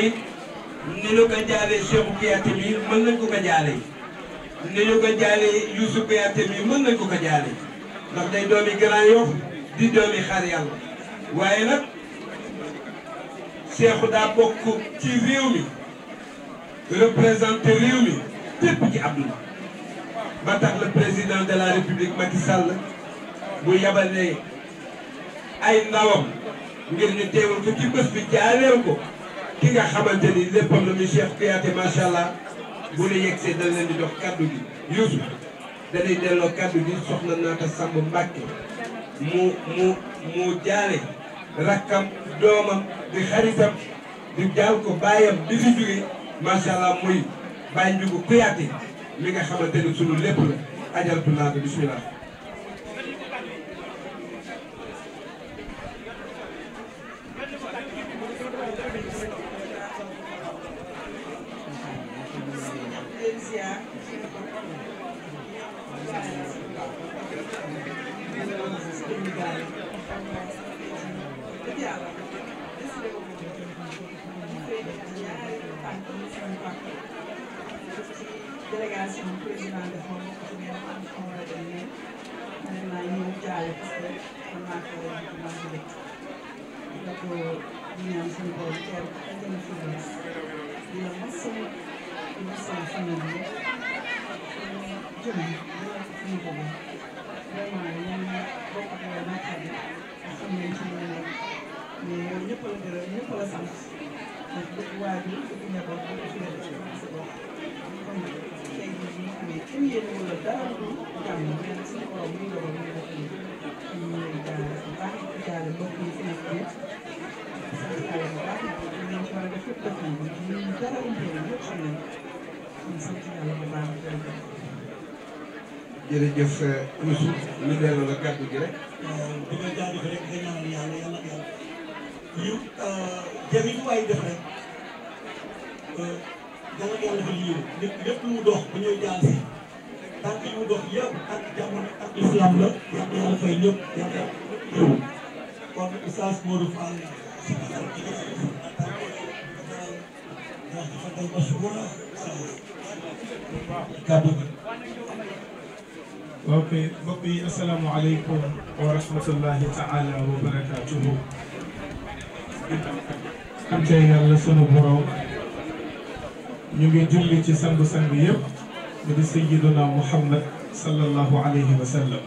jaalee ni ñu ko jaalee Cheikhou Kouyaté mi mën nañ ko ko jaalee ni ñu ko jaalee Youssou Kouyaté mi mën nañ ko ko jaalee ndax day doomi Grand Yoff di doomi xaar yàlla waaye nag Cheikhou daa bokk ci réew mi représenté réew mi tépp ci àdduna ba tax le président de la république Macky Sall bu yabalee ay ndawam ngir ñu teewal ko ci bi jaaleew ko ki nga xamante ni léppam la muy Cheikh Kouyaté macha bu la yegsee dañ leen di jox kaddu gi Youssouf dañuy delloo kaddu gi soxna naata Samb Mbacke mu mu mu jaale rakkam doomam di xaritam di jaal ko bàyyam bi fi jóge macha allah muy bàyyi njugu Kouyaté mi nga xamante ni sunu lépp la ajaltu naa ko bismillah leen ziar délégation président de fond man ñëw jaale parce que man maa ko maa ko dëkk donc ñu ñaan suñu borom teeru ak jëm si di la mas sama famille bi jëm ñu ko ba vraiment ñoom bokk ak yow naqar bi nga xam ne ci loolu la mais yow ñëpp la gërëm ñëpp la sant ndax dëkk waa bi dëkk njaboot dëkk fi nga ci sa bopp kon tey jii ñu amee kenn yéen wala dara lu jàmm mais nag suñu borom muy dogal muy def nii ñu ngi lay jaale bu baax di jaale mbokk yi fi nekk yëpp sant yàlla bu baax di leen ci war a def yëpp def nañ ko ñu dara umpe yëpp xam nañ ko jërëjëf Youssou ñu delloo la gàddu gi rek. di nga jaaree rek nga ñaanal yàlla yàlla ak yàlla yu jafe yu waay def rek yàlla ak yàlla dafa yiw lépp lépp lu mu dox bu ñëw jaal si tànk yu mu dox yëpp ak jàmm ak islam la yàlla yàlla fay ñëpp yàlla yiw kon Oustaz Modou Fall ndax dafa tey ba suba kàddu gi ok mbokk yi asalaamaaleykum wa rahmatullahi taala wa barakaatuhu am tey yàlla sunu borom ñu ngi julli ci sangu-sangu yëpp mu di sayyiduna muhammad sallallahu alayhi wa sallam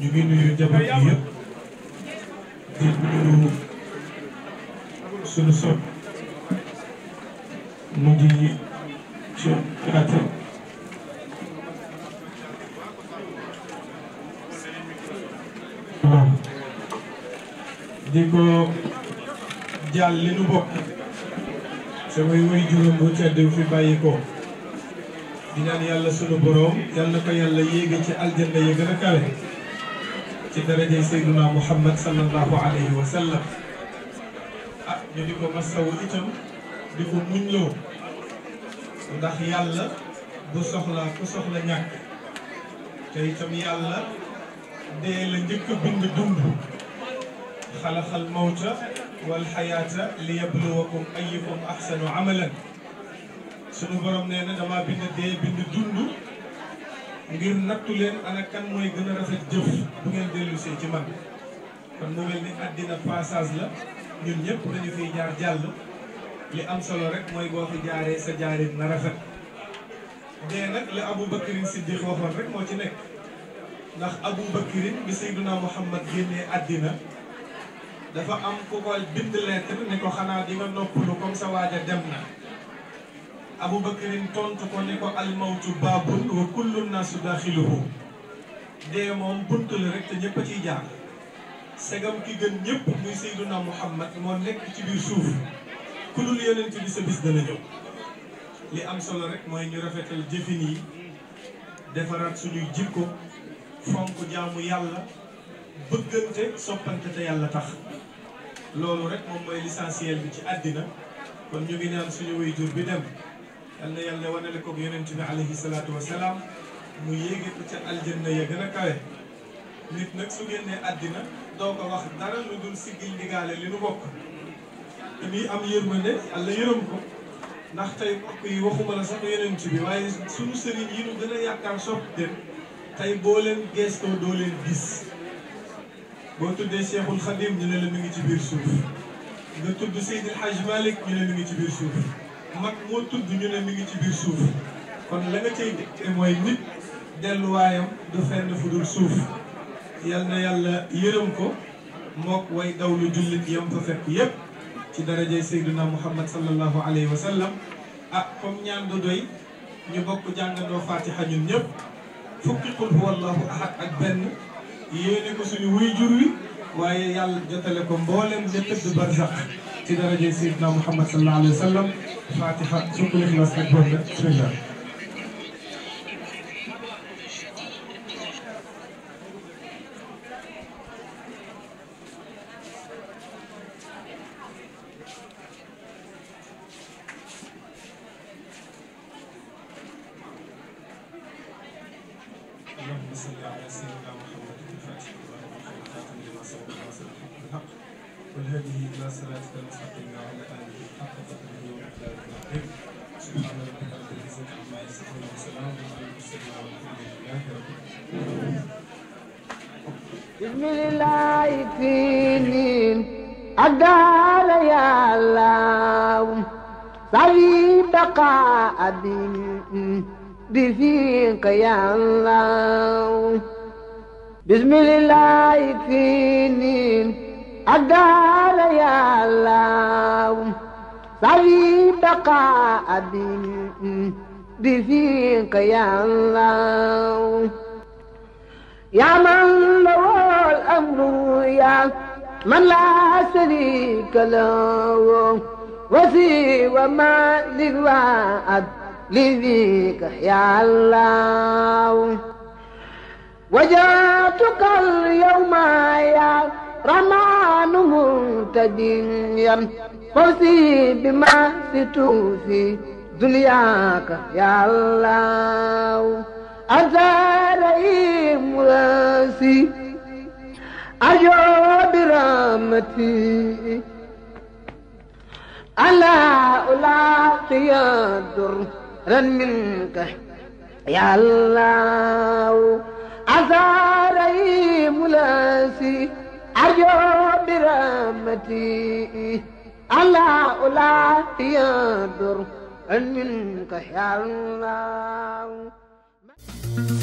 ñu ngi nuyu jabar yi yëpp di nuyu sunu sopp mu di Sure, that's it. waaw di ko jàll li nu bokk samay way juróom bu tedd fi bàyyi ko di naan yàlla sunu boroom yàlla ko yàlla yéege ci aljanna ya gën a kawe ci darajay sayduna muhammad sallallahu alayhi wa sallam ah ñu di ko masawu itam di ko muñloo ndax yàlla bu soxla ku soxla ñàkk yàlla dee la njëkk a bind dund xalaxal mawta wal xayaata li yabluwakum ayyukum axsanu amalan sunu borom nee na dama bind dee bind dund ngir nattu leen ana kan mooy gën a rafet bu ngeen dellusee ci man kon mu mel ni àddina passage la ñun ñëpp dañu fiy jaar jàll li am solo rek mooy boo fi jaaree sa jaarin na rafet dee nag la Abu Bakrin Siddiq waxoon rek moo ci nekk ndax Abu Bakrin bi Seyduna Muhammad génnee àddina dafa am ku ko bind lettre ne ko xanaa di nga noppalu comme sa waaja dem na Abu Bakrin tontu ko ne ko almawtu baabun wa kullu naasu daaxiluhu dee moom bunt la rek te ñëpp ciy jaar segam ki gën ñëpp muy Seyduna Muhammad moo nekk ci biir suuf ku dul yonent bi sa bis dana ñëw li am solo rek mooy ñu rafetal jëfin yi defaraat suñuy jikko fonk jaamu yàlla bëggante soppante te yàlla tax loolu rek moom mooy l'essentiel bi ci àddina kon ñu ngi naan suñu wayjur bi dem yal na yàlla wanale koog bi alayhi salaatu wasalaam mu yéege ko ca aljanna ya gën a kawe nit nag su génnee àddina doo ko wax dara lu dul siggil ndigaale li nu bokk te muy am yërmande yàlla yërëm ko ndax tey mbokk yi waxuma la sax yonent bi waaye suñu sëriñ yi ñu gën a yaakaar sopp dem tey boo leen gëstoo doo leen gis boo tuddee Cheikhul Khadim ñu ne la mi ngi ci biir suuf nga tudd Seydil Hadj Malick ñu ne mi ngi ci biir suuf mag moo tudd ñu ne mi ngi ci biir suuf kon la nga cay dégte mooy nit delluwaayam du fenn fu dul suuf yal na yàlla yërëm ko mook way dawlu jullit yam fa fekk yépp ci darajay sayduna muhammad sallallahu alayhi wa sallam ah comme ñaan du doy ñu bokk jàngandoo fatiha ñun ñëpp fukki qul huwallahu ahad ak benn yéene ko suñu wuy jur wi waaye yàlla jotale ko mboolem ja tëdd barzaq ci darajay sayduna muhammad sallallahu alayhi wa sallam fatiha sukkul ixlaas ak bonda bismillah وصلى على سيدنا محمد الفاتح والخاتم لما سبق وصدق الحق والهدي الى صراطك المستقيم وعلى اله حق قدره ومقداره العظيم سبحان ربك رب العزه عما يصفون وسلام على المرسلين والحمد لله رب العالمين بسم الله فيني أدال يا الله سعيد قائدين bi fiika ya Allah bismillah ikfini الدار يا الله صلي بقاء بفيك يا الله يا من له الأمر يا من لا شريك له وسيء وما للوعد لذيك يا الله وجاتك اليوم يا رمان منتديا فوزي بما ستوفي دنياك يا الله أنت رئيم راسي أجو برامتي ألا ألاقي الدر ran minka يا الله أزاري ملاسي أرجو برحمتي الله لا يضر منك يا الله